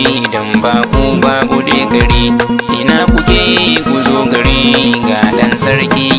idan baku babu ba gari ina kuke ku zo gari ga dan sarki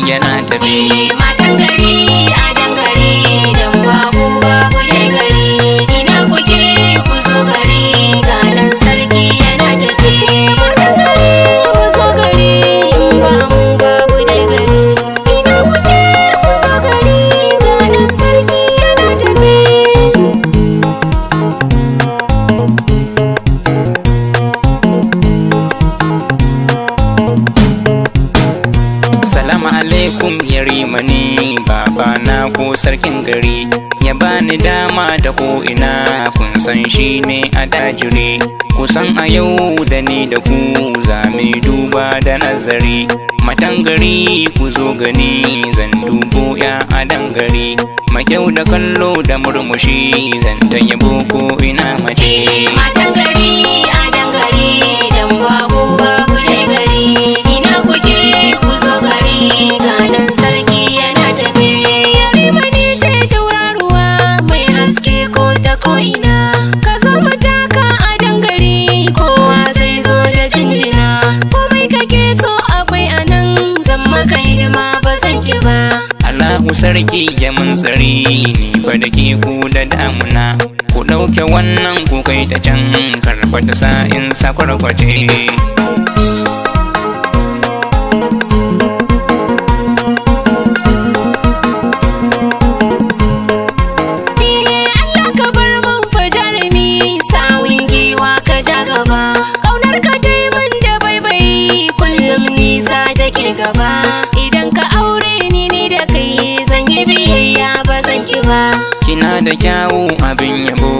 sarkin gari ya bani dama da ko'ina kun san shi ne a dajire kusan a yau da ni da ku za mu duba da nazari matan gari ku zo gani zan dubo ya a Ma makyau da kallo da murmushi zan tanya boko ina mace matan gari ko'ina ka zo fita ka a dangare kowa zai zo da jinjina komai ka keso akwai anan, nan zan maka hidima ba zan ki ba Allahu sarki ya mun ni fa da ke da damuna ku ɗauke wannan ku kai ta can karɓar ta sa'in sa kwarkwace. gaba idan ka aure ni ne da kai zan yi biyayya ba zan ki ba kina da kyawu abin yabo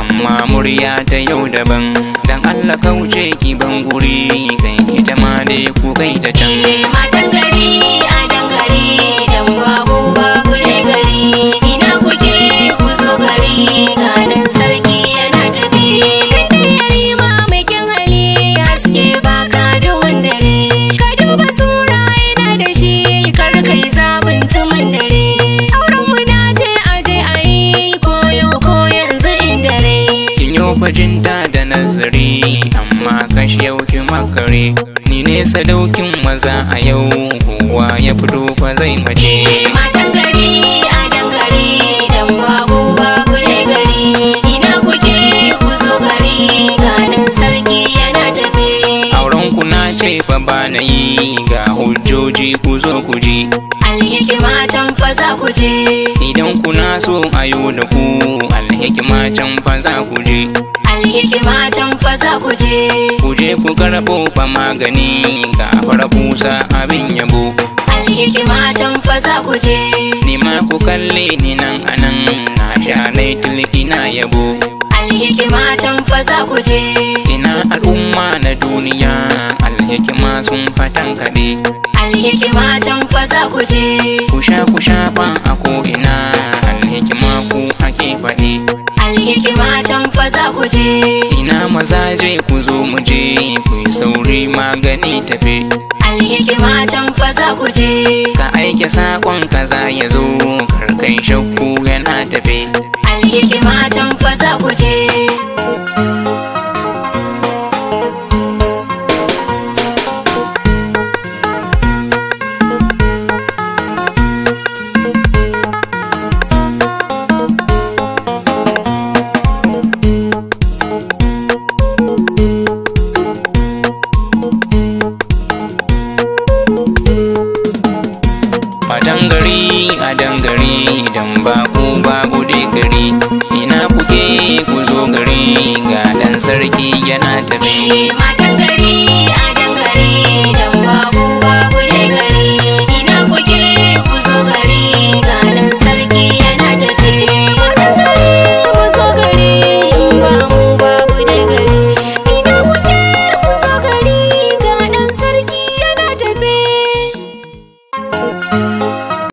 amma murya ta yau daban dan Allah kauce ki ban guri kai ita ma dai ku kai da can eh, bajinta da nazari amma kashi yauki makare ni ne sadaukin maza a yau kowa ya fito fa zai mace matan gari a dangare dan babu babu ne gari ina kuke ku zo gari ganin sarki yana tafe auren ku na ce fa na yi ga hujjoji fa za ku je idan kuna so ayo da ku alhikima can fa za ku je alhikima can fa za ku je ku je ku karɓo fa magani ga farafusa abin yabo alhikima can fa za ku je ni ma ku kalle ni nan anan na sha nai tilki na yabo alhikima can fa za ku je ina al'umma na duniya sun fatan kaɗe. Alhikima can faza ku je. Ku sha ku ko ina, a ko'ina, alhikima ku ake faɗi. Alhikima can faza ku je. Ina maza je ku zo mu je, ku yi sauri magani tafe. Alhikima can faza ku je. Ka aike sakon kaza ya zo, karkai shakku yana tafe. Alhikima can sarki yana tafi.